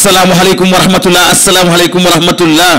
asalaamualeykum wa rahmatullah asalaamualeykum wa rahmatullah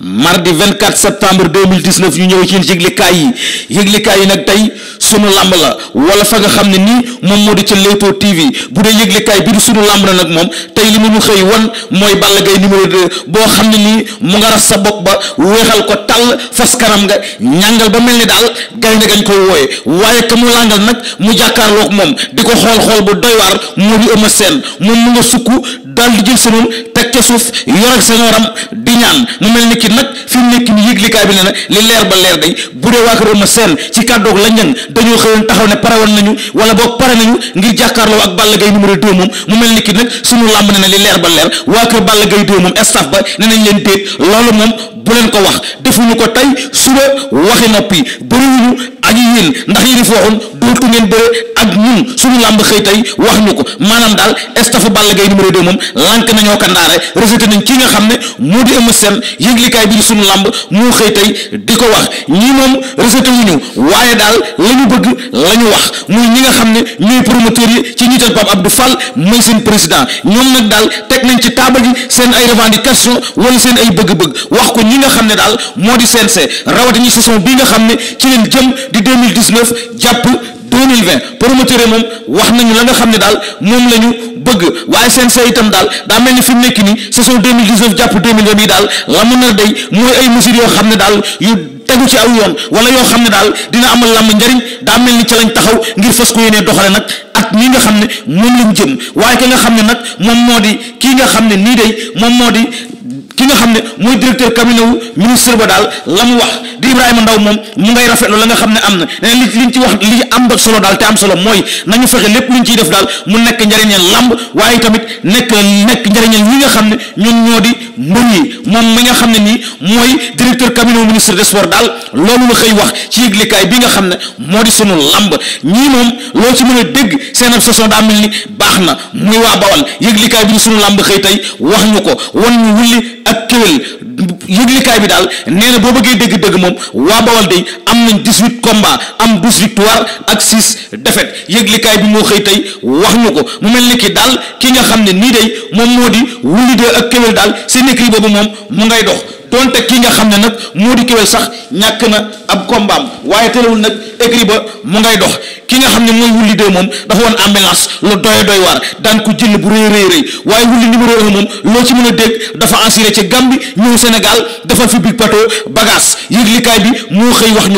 mardi 24 septembre 2019 ñu ñëw ci yëglikaay yi yëglikaay yi nag tey sunu làmb la wala fa nga xam ne nii moom moo di ca Leewtoo TV bu dee yëglikaay bi du sunu làmb la nag moom tey li mu ñu xëy wan mooy Balla Gaye numéro 2 boo xam ne nii mu nga raf sa bokk ba weexal ko tàll fas kanam nga ñàngal ba mel ni daal gaynde gañ koy wooye waaye ka mu làngal nag mu jàkkaarloog moom di ko xool-xool bu doy waar moo di Eumeu Sène moom sukk daal di jël sënoon teg ca suuf yor ak sa ñooram di ñaan mu mel ni kii nag fi mu nekk ni yëglikaay bi ne na li leer ba leer day bu dee waa kër ma seen ci kàddoog la njëng dañoo xëyoon taxaw ne pare woon nañu wala boog pare nañu ngir jàkkaarloo ak Balla Gaye numéro 2 moom mu mel ni ki nag sunu làmb ne na li leer ba leer waa kër Balla Gaye 2 moom staff ba ne nañ leen déet loolu moom bu leen ko wax defuñu ko tey suba waxi noppi bëriwuñu aji yéen ndax yéen bëgg ngeen bëre ak ñun suñu làmb xëy tey wax ñu ko maanaam daal estafu Balla Gaye numéro 2 moom lànk nañoo kandaare rejeté nañ ki nga xam ne moo di Eumeu Sène yëglikaay bi di làmb moo xëy tey di ko wax ñii moom rejeté wu ñu waaye daal la ñu bëgg la ñu wax muy ñi nga xam ne ñooy promoteur yi ci ñiital Pape Abdou Fall mooy seen président moom nag daal teg nañ ci taabal yi seen ay revendication wala seen ay bëgg-bëgg wax ko ñi nga xam ne daal moo di CNG rawatina saison bi nga xam ne ci leen jëm di 2019 jàpp deux mille vingt promoteur yi moom wax nañu la nga xam ne daal moom la ñu bëgg waaye CNG itam daal daa mel ni fi mu nekk nii saison deux mille jàpp deux mille vingt yi daal la mun na day mooy ay mesures yoo xam ne daal yu tegu ci aw yoon wala yoo xam ne daal dina amal làmb njariñ daa mel ni ca lañ taxaw ngir fas ko yéenee doxale nag at ñi nga xam ne moom lañ jëm waaye ka nga xam ne nag moom moo di kii nga xam ne nii day moom moo di ki nga xam ne mooy directeur cabinet wu ministre daal la mu wax di Ibrahima Ndaw moom mu ngay rafetlu la nga xam ne am na nee li liñ ci wax li am ba solo daal te am solo mooy nañu fexe lépp luñ ciy def daal mu nekk njëriñal lamb waaye tamit nekk nekk njëriñal ñi nga xam ne ñun ñoo di mbër yi moom mi nga xam ne nii mooy directeur cabinet ministre des sports daal loolu la xëy wax ci yëglekaay bi nga xam ne moo di sunu lamb ñii moom loolu ci mën a dégg seen ab saison daa mel ni baax na muy waa bawal yëglekaay bi di sunu lamb xëy tey wax ñu ko wan ñu wulli ak kéwél yëglekaay bi daal nee na boo bëggee dégg-dégg moom waa bawal day am nañ dix-huit combats am douze victoires ak six défaites yëglikaay bi moo xëy tey wax ñu ko mu mel ni ki daal ki nga xam ne nii day moom moo di wulli de ak kéwél daal seen écrit boobu moom mu ngay dox donte ki nga xam ne nag moo di kéwél sax ñàkk na ab kombaam waaye terewul nag écrit ba mu ngay dox ki nga xam ne mooy wulli de moom dafa woon ambulance lu doy doy waar daan ko jël bu rëy rëy rëy waaye wulli numéro un loo ci mën a dégg dafa assuré ci Gambie ñëw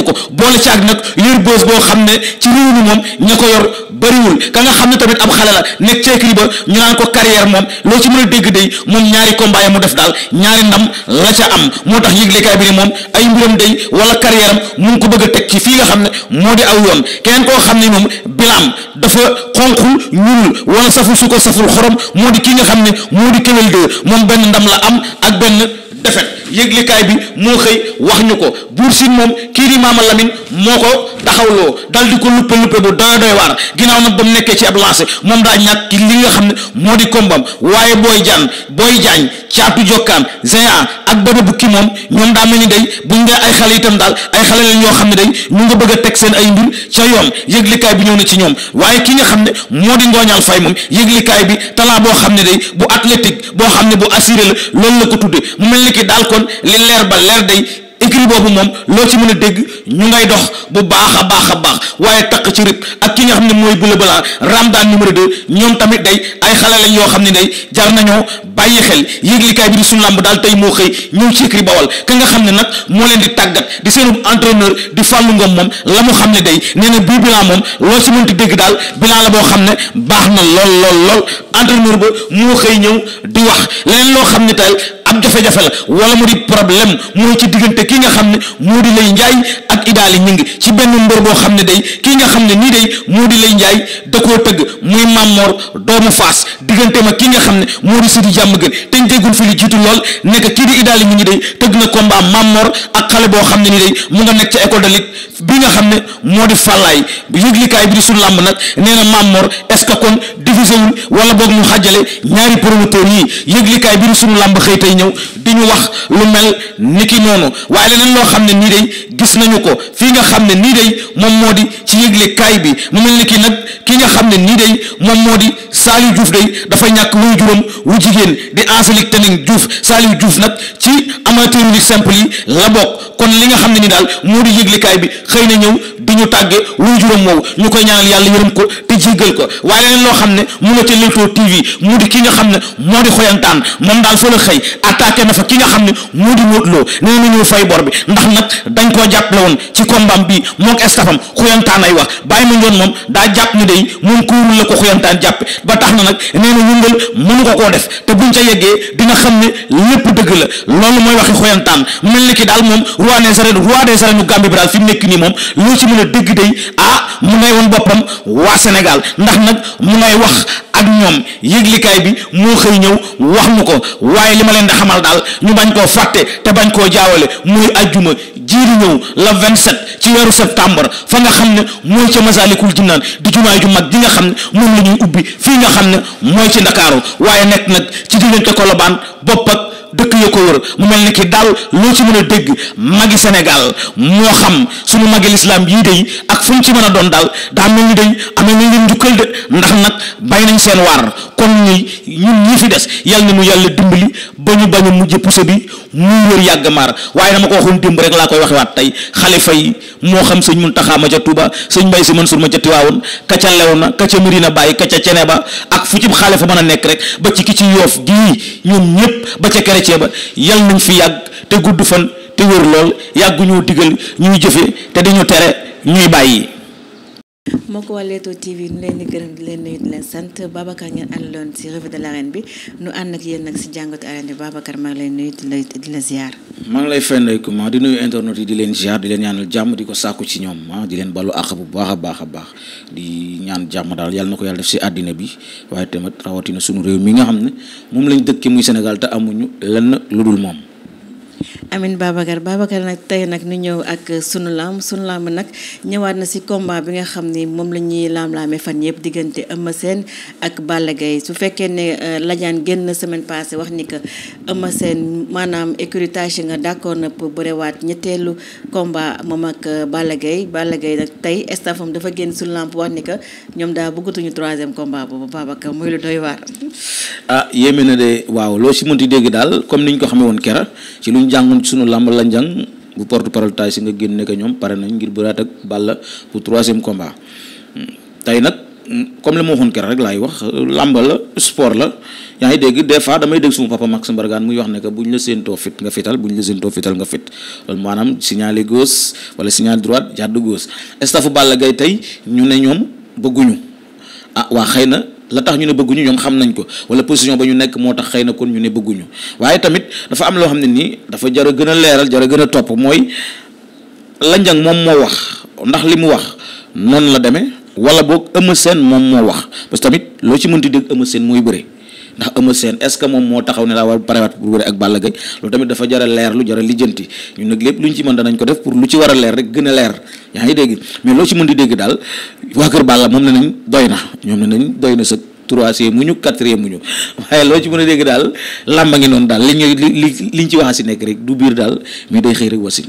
ko boole ci ak nag yor bës boo xam ne ci réew mi moom ña ko yor bariwul ka nga xam ne tamit ab xale la nekk ci ba ñu naan ko carrière moom loo ci mën a dégg day moom ñaari combat mu def daal ñaari ndam la ca am moo tax yëglekaay bi ne moom ay mbiram day wala carrière am mu ko bëgg a teg ci fii nga xam ne moo di aw yoon keneen koo xam ne moom bilaam dafa xonqul ñuul wala saful su ko saful xorom moo di kii nga xam ne moo di kéwél de moom benn ndam la am ak benn defet yëglikaay bi moo xëy wax ñu ko buur siin moom kii di maama Lamine moo ko taxawloo dal di ko luppe luppe bu doy doy waar ginnaaw nag ba mu nekkee ci ab lancé moom daa ñàkk li nga xam ne moo di kombam waaye booy jaan booy jaañ caatu jokkaan ga ak bada bukki moom ñoom daa mel ni day buñ dee ay xale daal ay xale lañ ñoo xam ne day ñu nga bëgg teg seen ay mbir ca yoon yëglikaay bi ñëw na ci ñoom waaye ki nga xam ne moo di ngooñaal fay moom yëglikaay bi talaa boo xam ne day bu athlétique boo xam ne bu assuré la loolu la ko tudde mu mel ni ki daal ko kon li leer ba leer day écrit boobu moom loo ci mën a dégg ñu ngay dox bu baax a baax a baax waaye takk ci rib ak ki nga xam ne mooy Boule Balla Ramdan numéro 2 ñoom tamit day ay xale lañ yoo xam ne day jar nañoo bàyyi xel yéeglikaay bi di su làmb daal tey moo xëy ñëw ci écrit bawal ka nga xam ne nag moo leen di tàggat di seenub entraîneur di Fallou nga moom la mu xam ne day nee na bii bilan moom loo ci mënti dégg daal bilan la boo xam ne baax na lool lool lool entraîneur ba moo xëy ñëw di wax leneen loo xam ne tey ab jafe-jafe la wala mu di problème mooy ci diggante ki nga xam ne moo di lay njaay ak idaal idaali ñi ngi ci benn mbër boo xam ne day kii nga xam ne nii day moo di lay njaay da koo tëgg muy Mamor doomu Faas diggante ma ki nga xam ne moo di Sidi jàmm gën te ñu déggul fi lu jiitu lool nekk kii di idaali mi ngi day tëgg na combat Mamor ak xale boo xam ne ni mu nga nekk ca école de bi nga xam ne moo di fàllaay yëglikaay bi di suñu làmb nag nee na Mamor est-ce que kon divisé wul wala boog ñu xàjjale ñaari promoteurs yii yëglikaay bi di suñu làmb xëy tey ñëw di ñu wax lu mel ni ki noonu waaye leneen loo xam ne nii day gis nañu ko fii nga xam ne nii day moom moo di ci yëglikaay bi mu mel ni ki nag ki nga xam ne nii day moom moo di Saliou Diouf day dafa ñàkk muy juróom wu jigéen di Angélique Tening Diouf Saliou Diouf nag ci amateur lutte simple yi la bokk kon li nga xam ne ni daal moo di yëglikaay bi xëy na ñëw di ñu tàgge wuy juróom woowu ñu koy ñaanal yàlla yërëm ko te jéggal ko waaye leneen loo xam ne mu nga ca Leewtoo TV mu di ki nga xam ne moo di xoyantaan moom daal fa la xëy attaqué na fa ki nga xam ne moo di Modou Lo nee na ñu fay bor bi ndax nag dañ koo jàppale woon ci combat bi moog estafam xoyantaan ay wax bàyyi ma njoon moom daa jàpp ni day moom kuurul la ko xoyantaan jàppe ba tax mën a yëngal mënu ko koo def te buñ ca yeggee dina xam ne lépp dëgg la loolu mooy waxi xoyantaan mu mel ni ki daal moom roi des arènes roi des arènes nu Gambie bi daal fi mu nekk nii moom loo ci mën a dëgg day ah mu ngay woon boppam waa Sénégal ndax nag mu ngay wax ak moom yëglikaay bi moo xëy ñëw wax nu ko waaye li ma leen di xamal daal ñu bañ koo fàtte te bañ koo jaawale muy ajjuma jiiru di ñëw la 27 ci weeru septembre fa nga xam ne mooy ca Masaalikul Jinaan di jumaay ju mag ji nga xam ne moom la ubbi fii nga xam ne mooy ci Ndakaaru waaye nekk nag ci diggante Kolobaan bopp ak dëkk ya ko wër mu mel ni ki daal loo ci mën a dégg magi Sénégal moo xam suñu magi lislaam yii day ak fu ñu ci mën a doon daal daa mel ni day amee nañ leen njukkal de ndax nag bay nañ seen waar kon ñi ñun ñii fi des yal na mu yàlla dimbali ba ñu bañ a mujj pousse bi muy wër yàgg maar waaye dama ko waxoon démb rek laa koy waxewaat tey xalifa yi moo xam sëñ Muntaxa ma ca Touba sëñ Mbay Si Mansuur ma ca Tiwaawoon ka ca Léona ka ca Medina Baay ka ca Ceneba ak fu ci xalifa mën a nekk rek ba ci ki ñëpp ba ca kere ceeba yal nañ fi yàgg te gudd fan te wér lool yàgguñoo digal ñuy jëfe te dañu tere ñuy bàyyi. moo ko waa Leewtoo TV nu leen di gërëm di leen nuyu di leen sant Babacar ngeen àndaloon ci revue de l'arène bi nu ànd ak yéen nag ci jàngatu arène bi Babacar maa ngi lay nuyu di di la maa ngi lay fay ndeykum di nuyu internet yi di leen ger di leen ñaanal jàmm di ko sàkku ci ñoom ah di leen ballu àq bu baax a baax a baax di ñaan jàmm daal yàlla na ko yàlla def ci àddina bi waaye tamit rawatina sunu réew mi nga xam ne moom lañ dëkkee muy Sénégal te amuñu lenn lu dul moom. Amin Babacar Babacar nag tey nag ñu ñëw ak sunu laam sunu laam nag ñëwaat na si combat bi nga xam ni moom la ñuy laam-laame fan yëpp diggante Eumeu seen ak Balla Gaye su fekkee ne euh, lajaan génn semaine passée wax ni que Eumeu Sène maanaam écuritage nga d'accord na pour bërewaat ñetteelu combat moom ak euh, Balla Gaye Balla Gaye nag tey staffam dafa génn sunu laam wax ni ñoom daa bëggatuñu troisième combat boobu Babacar muy lu doy waar. ah yéeme na de waaw loo si mënti dégg daal comme ni ñu ko xamee woon keroog njàngum sunu làmb la njàng bu porte parole taay nga génne ko ñoom pare nañ ngir bëraat ak Balla pour troisième combat hmm. tey nag hmm, comme li ma waxoon rek laay wax làmb la sport la yaa ngi dégg des fois damay dégg suma papa Max Mbargane muy wax ne que bu ñu la séentoo fit nga fital bu ñu la séentoo fital nga fit loolu maanaam signalé gauche wala signal droite jàdd gauche staffu Balla Gaye tey ñu ne ñoom bëgguñu ah waa xëy na. la tax ñu ne bëgguñu ñoom xam nañ ko wala position ba ñu nekk moo tax xëy na kon ñu ne bëgguñu waaye tamit dafa am loo xam ne nii dafa jar a gën a leeral jar a gën a topp mooy la moom moo wax ndax li mu wax noonu la demee wala boog Eumeu seen moom moo wax parce tamit loo ci mënti dégg Eumeu Sène mooy bëre. ndax Eumeu Sène est-ce que moom moo taxaw ne daa war parewaat pour bëre ak Balla Gaye loolu tamit dafa jar leer lu jara a lijjanti ñu nag lépp lu ñu ci mën danañ ko def pour lu ci war a leer rek gën a leer yaa ngi dégg mais loo ci mën di dégg daal waa kër Balla moom ne nañ doy na ñoom ne nañ doy na sa troisième mu ñu quatrième mu ñu waaye loo ci mën a dégg daal làmba ngi noonu daal li ñu li li li liñ ci wax si nekk rek du biir daal mais day xëy rek wasin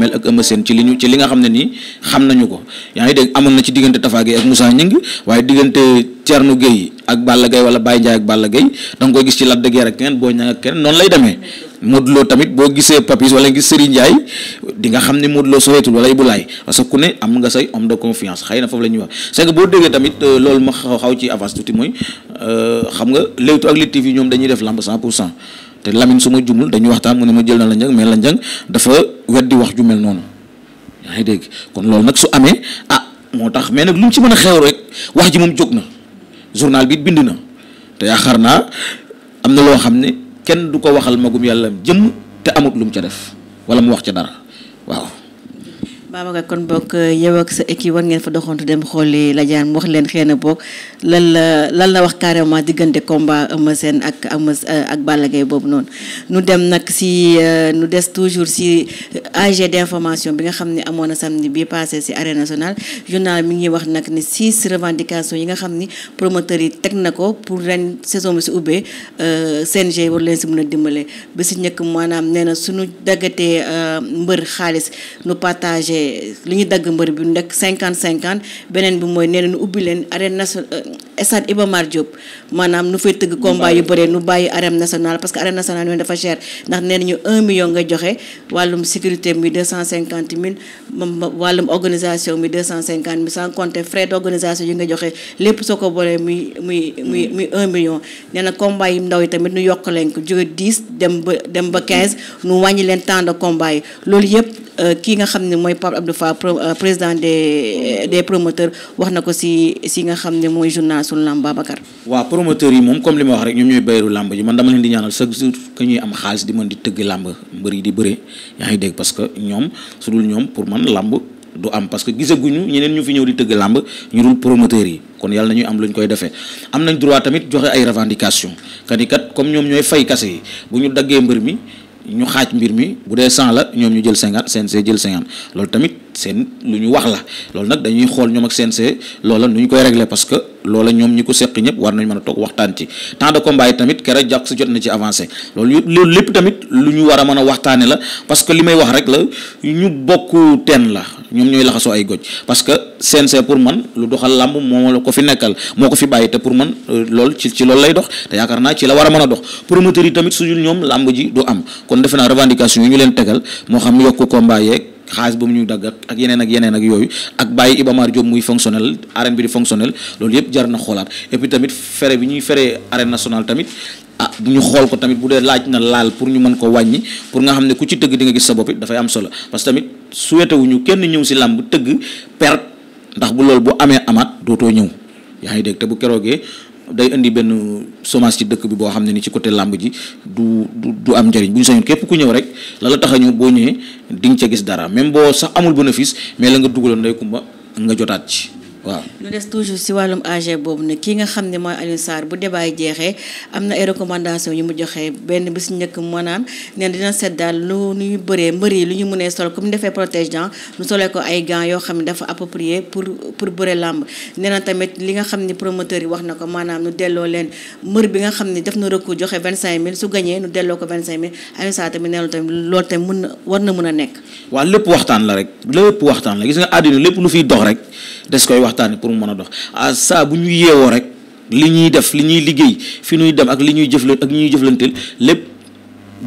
mel ak Eumeu ci li ñu ci li nga xam ne nii xam nañu ko yaa ngi dégg amoon na ci diggante Tafa Gueye ak Moussa Ñing waaye diggante Thierno Gueye ak Balla Gaye wala Baye Ndiaye ak Balla Gaye da nga koy gis ci Lac de Guiers ak keneen boo ñaa ak keneen noonu lay demee Modou Lo tamit boo gisee Papis wala gis Serigne Ndiaye di nga xam ne Modou Lo soreetul wala Ibou Laye parce que ku ne am nga say homme de confiance xëy na foofu la ñuy wax c'est euh, loolu ma xaw ci avance tuuti mooy euh, xam nga Leewtoo ak Lutte TV ñoom dañuy def lamb 100 pour cent te Lamine su ma jumul dañu waxtaan mu ne ma jël na la njëng mais la njëng dafa di wax ju mel noonu yaa ngi dégg kon loolu nag su amee ah moo tax mais nag lu mu ci mën a xew rek wax ji moom jóg na journal bi bind na te yaakaar naa na loo xam ne. kenn du ko waxal magum yàlla jëmm te amut lu mu ca def wala mu wax ca dara waaw Babacar kon book yow ak sa équipe war ngeen fa doxantu dem xooli la jaan wax leen xëy na boog lan la lan la wax carrément diggante combat Eumeu Sène ak euh, ak Balla Gaye boobu noonu nu dem nag si euh, nu des toujours si euh, AG d'information bi nga xam ni amoon na samedi bi passé si arène nationale journal mi ngi wax nag ni six revendication yi nga xam ni promoteurs yi teg na ko pour ren saison bi si ubbee CNG war leen si mën a dimbale ba si njëkk maanaam nee na suñu daggatee mbër xaalis li ñu dagg mbër bi nekk cinquante cinquante beneen bi mooy nee na nu ubbi leen arène nationale euh, stade Iba Mar maanaam nu fay tëgg combat yu bëree nu bàyyi arène nationale parce que arène nationale yooyu dafa cher ndax nee nañu un million nga joxe wàllum sécurité mi deux cent cinquante mille wàllum organisation mi deux cent cinquante mille sans compter frais d'organisation yi nga joxe lépp soo ko boolee muy muy muy muy un million nee na combat yi ndaw yi tamit nu yokk leen ko jóge dix dem ba dem ba quinze nu wàññi leen temps de Euh, kii nga xam ne mooy Pape Abdou Fall euh, président des euh, des promoteurs wax na ko si si nga xam ne mooy journal suñu làmb Babacar. waaw promoteurs yi moom comme li ma wax rek ñoom ñooy bayeru làmb ji man dama leen di ñaanal chaque jour que ñuy di tëgg làmb mbër yi di bëre yaa ngi dégg parce que ñoom su ñoom pour man làmb du am parce que gisaguñu ñeneen ñu fi ñëw di tëgg làmb ñu dul promoteurs yi kon yàlla ñuy am lu koy defe am nañ droit tamit joxe ay revendication kani comme ñoom ñooy fay kase yi bu ñu daggee mbër mi ñu xaaj mbir mi bu dee cent la ñoom ñu jël cinquante CNC jël cinquante loolu tamit seen lu ñu wax la loolu nag dañuy xool ñoom ak CNC loola nu ñu koy régler parce que loola ñoom ñi ko seq ñëpp war nañ mën a toog waxtaan ci temps de combat yi tamit keroog jàq si jot na ci avancé loolu lépp tamit lu ñu war a mën a waxtaane la parce que li may wax rek la ñu bokk teen la ñoom ñooy laxasoo ay goj parce que CNG pour man lu doxal làmb moo la ko fi nekkal moo ko fi bàyyi te pour man euh, lool ci lool lay dox te yaakaar naa ci la war a mën a dox promoteurs yi tamit sujul ñoom làmb ji du am kon defe naa revendication yi ñu leen tegal moo xam yokku ko yeeg xaalis ba mu ñu dagg ak yeneen ak yeneen ak yooyu ak bàyyi Ibamar Diop muy fonctionnel arène bi di fonctionnel loolu yëpp jar na xoolaat et puis tamit fere bi ñuy fere arène nationale tamit ah bu ñu xool ko tamit bu dee laaj na laal pour ñu mën ko wàññi pour nga xam ne ku ci tëgg di nga gis sa bopp it dafay am solo souhaité wuñu kenn ñëw si làmb tëgg perte ndax bu loolu bu amee amaat dootoo ñëw yaa ngi dégg te bu keroogee day indi benn chômage ci dëkk bi boo xam ne ni ci côté làmb ji du du am njëriñ bu ñu sañoon képp ku ñëw rek la la tax ñëw boo ñëwee di ca gis dara même boo sax amul bénéfice mais la nga dugaloon ndey kumba nga jotaat ci. waaw ñu des toujours si wàllum AG boobu ne kii nga xam ne mooy Alioune Sarr bu débat yi jeexee am na ay recommandation yu mu joxee benn bi si njëkk maanaam nen dina seet daal lu ñu bëree mbër yi lu ñu mënee sol comme defee protège dents ñu solee ko ay gants yoo xam ne dafa approprié pour pour bëre làmb nee na tamit li nga xam ni promoteur yi wax na ko maanaam nu delloo leen mbër bi nga xam ne def na recours joxe vingt cinq mille su gañee nu delloo ko vingt cinq mille Alioune Sarr tamit nee na na war na a nekk waaw lépp waxtaan la rek lépp waxtaan la gis nga àddina lépp lu fiy dox waxtaani pour mu mën a dox saa bu ñu yeewoo rek li ñuy def li ñuy liggéey fi ñuy dem ak li ñuy jëfla ak ñuy jëflanteel lépp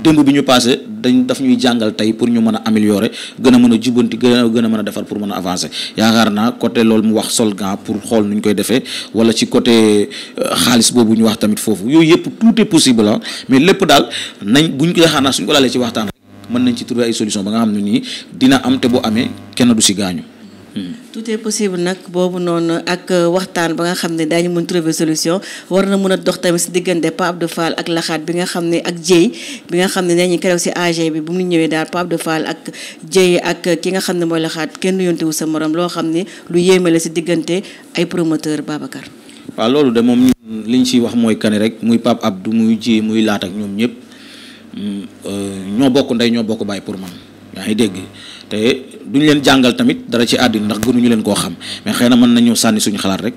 démb bi ñu passé dañ daf ñuy jàngal tey pour ñu mën a améliorer gën a mën a jubanti gën a gën a mën a defar pour mën a avancer yaakaar naa côté loolu mu wax sol solgan pour xool nu ñu koy defee wala ci côté euh, xaalis boobu ñu wax tamit foofu yooyu yëpp tout est possible mais lépp daal nañ buñ ko yaakaar naa suñ ko laalee ci waxtaan mën nañ ci trouver solution ba nga xam ne nii dina am te bu amee kenn du si gaañu Hmm. tout est possible nag boobu noonu ak euh, waxtaan ba nga xam ne daañu mën trouver solution war na mën a dox tamit si diggante Pape de Fall ak laxaat bi nga xam ne ak Dieye bi nga xam ne nee ñu si AG bi bu mu ñëwee daal Pape Abdou Fall ak Dieye ak euh, ki nga xam ne mooy laxaat kenn yontewu sa morom loo xam ne lu yéeme la si diggante ay promoteur Babacar. waaw loolu de moom li ñu siy wax mooy kani rek muy Pape Abdou muy Dieye muy laat ak ñoom ñëpp mm, euh, ñoo bokk ndey ñoo bokk bàyyi pour man. yaa ngi dégg te duñ leen jàngal tamit dara ci àddina ndax gënuñu leen koo xam mais xëy na mën nañoo sànni suñu xalaat rek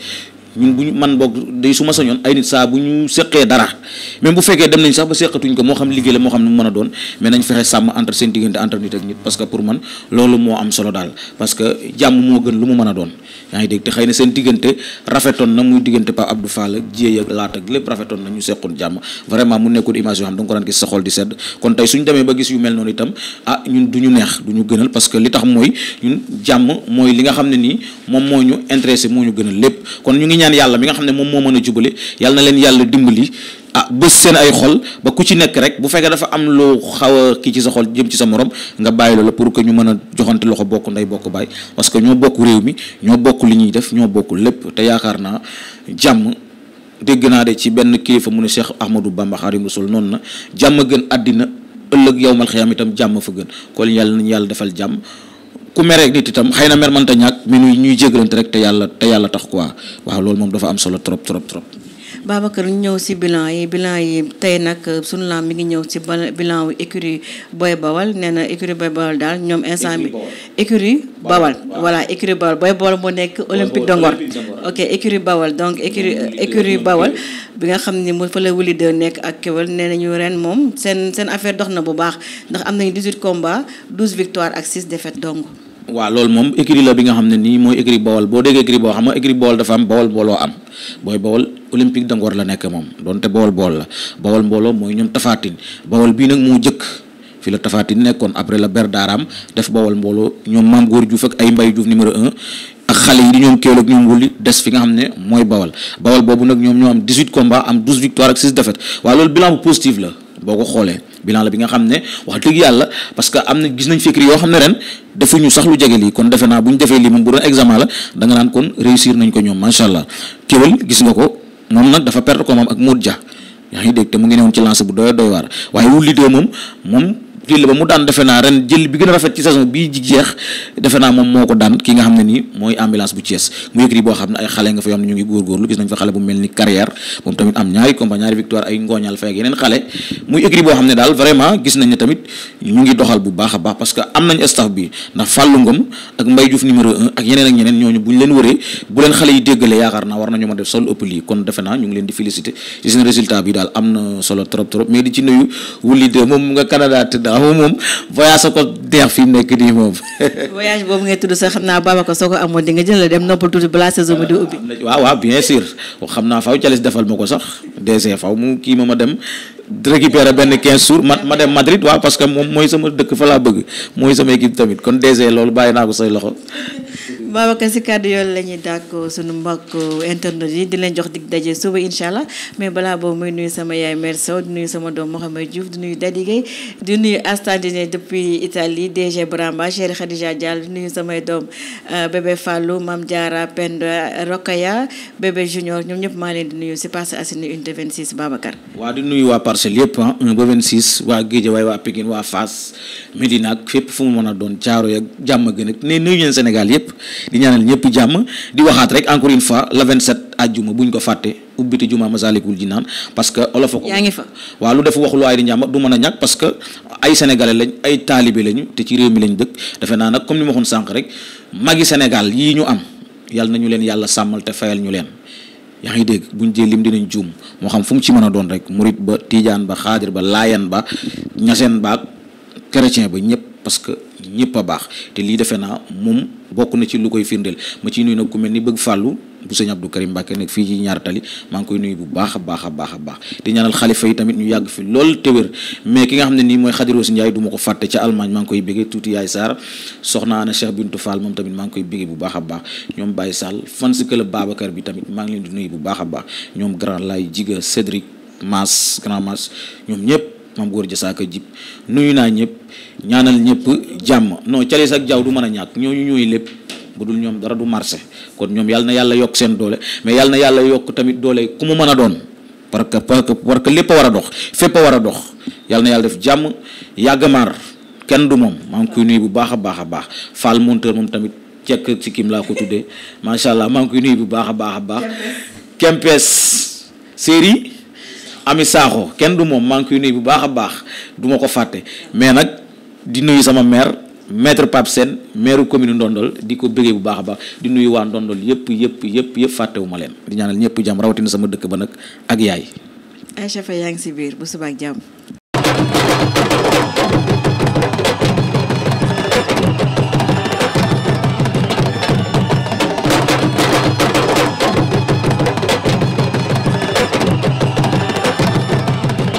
ñun bu ñu man boog day su ma sañoon ay nit saa bu ñu séqee dara même bu fekkee dem nañ sax ba séqatuñ ko moo xam liggéey la moo xam ne mu mën a doon mais nañ fexe que moo am solo daal parce que a doon yaa ngi dégg te xëy na seen diggante rafetoon na ñu seqoon jàmm vraiment mu nekkoon image yoo xam da nga ko daan gis sa xol di sedd kon tey suñ demee ba gis yu mel noonu itam ah ñun du ñu neex du ñu gënal parce que li tax mooy ñun jàmm mooy li nga xam ne nii moom moo ñu intéressé moo ñu gënal lépp kon ñu ngi ñaan yàlla mi nga xam ne moom moo mën a jubale yàlla na leen yàlla dimbali ah bés seen ay xol ba ku ci nekk rek bu fekkee dafa am lu xaw a kii ci sa xol jëm ci sa morom nga bàyyi loola pour que ñu mën a joxante loxo bokk ndey bokk baay parce que ñoo bokk réew mi ñoo bokk li ñuy def ñoo bokkul lépp te yaakaar naa jàmm dégg naa de ci benn kilifa mu ne Cheikh Ahmadou Bamba Xaadimu Rasuul noonu na jàmm gën àddina ëllëg yowmal xiyaam itam jàmm fa gën kon yàlla nañu yàlla defal jàmm ku mereeg nit itam xëy na mer mënta ñàkk mi ñuy ñuy jégalante rek te yàlla te yàlla tax quoi waaw loolu moom dafa am solo trop trop trop. Babacar ñu ñëw ci bilan yi bilan yi tey nag euh, sunu laam mi ngi ñëw ci bilan wu écurie Boy Bawal nee na écurie Boy Bawal daal ñoom instant bi écurie Bawal voilà écurie Bawal Boy Bawal moo nekk Olympique de Ngor ok écurie Bawal donc écurie écurie Bawal bi nga xam ni mu fa la wuli de nekk ak kéwél nee nañu ren moom seen seen affaire dox na bu baax ndax am nañu 18 combats 12 victoires ak 6 défaites dong waaw loolu moom écurie la bi nga xam ne nii mooy écurie Bawol boo déggee écurie boo xam nga écurie Bawol dafa am Bawol booloo am booy Bawol olympique dangoor la nekk moom donte Bawol Bawol la Bawol mbooloo mooy ñoom tafaatin Bawol bii nag moo jëkk fi la tafaatin nekkoon après la ber daaraam def Bawol mbooloo ñoom mangoor góor Diouf ak ay mbay Diouf numéro un ak xale yi di ñoom kéwél ak ñoom wulli des fi nga xam ne mooy bawal bawal boobu nag ñoom ñoo am 18 combats am 12 victoires ak 6 défaites waaye loolu bilan bu positif la boo ko xoolee bilan la bi nga xam ne wax dëgg yàlla parce que am na gis nañ fikri yoo xam ne ren ñu sax lu jege lii kon defe naa bu ñu defee lii moom bu doon examen la da nga naan kon réussir nañ ko ñoom macha allah kéwél gis nga ko moom nag dafa perdre combat ak Modou Dia yaa ngi dégg mu ngi newoon ci lancé bu doy doy waar waaye julli ba mu daan defe naa ren jël bi gën a rafet ci saison bii ji jeex defe naa moom moo ko daan ki nga xam ne nii mooy ambulance bu Thiès mu yëkkati boo xam ne ay xale nga ngooñal fa ak yeneen ak ñeneen ñooñu bu ñu leen wëree bu leen xale yi déggalee yaakaar naa war nañu ma def sol ëpp kon defe naa ñu ngi leen di féliciter ci seen résultat bi daal am na solo trop trop mais di ci nuyu wulli de moom nga Canada tëdd amoo moom voyage ko deex fi mu nekk nii moom. voyage boobu ngay tudd sax xam naa Babacar soo ko amoon di nga jël dem noppal tuuti balaa saison bi di ubbi. waaw waaw bien sûr xam naa faw Thialis defal ma ko sax DG faw mu kii ma ma dem. récupérer benn 15 jours ma ma dem Madrid waaw parce que moom mooy sama dëkk fa laa bëgg mooy sama équipe tamit kon DG loolu bàyyi naa ko say loxo. Babacar si kàddu yoon la ñuy dàkk sunu mbokk internet yi di leen jox dig daje suba incha allah mais balaa boobu muy nuyu sama yaay Mère Sow di nuyu sama doom Mouhamed Diouf di nuyu Dadi Gueye di nuyu Astandine depuis Italie DG Bramba Chéri Khadija Diall di nuyu samay doom euh, bébé Fallou Mam Diara Penda Rokaya bébé Junior ñoom ñëpp maa leen di nuyu si Parcelles Assainies unité 26 Babacar. waa di nuyu waa Parcelles yëpp ah unité 26 waa Guédiawaye waa Pikine fépp fu mu mën a doon caaro yeeg jàmm gën a ne nuyu ñeen Sénégal yëpp. di ñaanal ñëpp jàmm di waxaat rek encore une fois le 27 àjjuma buñ ko fàtte ubbiti juma Masaalikul Jinaan parce que olof yaa ngi fa waaw lu def waxu ay di njàmbat du mën a ñàkk parce que ay sénégalais lañ ay taalibe lañu te ci réew mi lañ dëkk defe naa nag comme ni ma waxoon sànq rek magi Sénégal yii ñu am yàlla nañu leen yàlla sàmmal te fayal ñu leen yaa ngi dégg buñ jee lim dinañ juum moo xam fu mu ci mën a doon rek murit ba tijaan ba xaadir ba laayan ba ñaseen ba chrétien ba ñëpp parce ñëpp a baax te lii defe naa moom bokk na ci lu koy firndeel ma ciy nuy nag ku mel ni bëgg fàllu bu sëñ Abdou Karim Mbàkke nekk fii ci ñaar tali maa ngi koy nuyu bu baax a baax a baax a baax di ñaanal xalifa yi tamit ñu yàgg fi lool te wér mais ki nga xam ne nii mooy Xadiroos Njaay du ma ko fàtte ca Allemagne maa ngi koy béggee tuuti yaay Sarr soxna Ana Cheikh Bintu Fall moom tamit maa ngi koy béggee bu baax a baax ñoom Baye Sall fan a club Babacar bi tamit maa ngi leen di nuyu bu baax a baax ñoom Grand Lay Jiga Cédric Mas Grand Mas ñoom ñëpp maam góor ja saaka jib nuyu naa ñëpp ñaanal ñëpp jàmm non calis ak jaww du mën a ñàkk ñooñu ñooy lépp bu dul ñoom dara du marché kon ñoom yàlla na yàlla yokk seen doole mais yàlla na yàlla yokk tamit doole ku mu mën a doon parce que parce que lépp a a dox fépp war a dox na yàlla def jàmm yàgg maar kenn du moom maa ngi koy nuyu bu baax a baax a baax Fall monteur moom tamit cekk ci kim laa ko tuddee macha allah maa ngi nuyu bu baax a baax a baax. Kempes série ami saaxo kenn du moom maa ngi koy nuyu bu baax a baax du ma ko fàtte mais nag di nuyu sama meer maître Pape Sène maire commune Ndondol di ko bëggee bu baax a baax di nuyu waa Ndondol yëpp yëpp yëpp yëpp fàttewu ma leen di ñaanal ñëpp jàmm rawatina sama dëkk ba nag ak yaay. Aïcha Faye yaa ngi si biir bu suba ak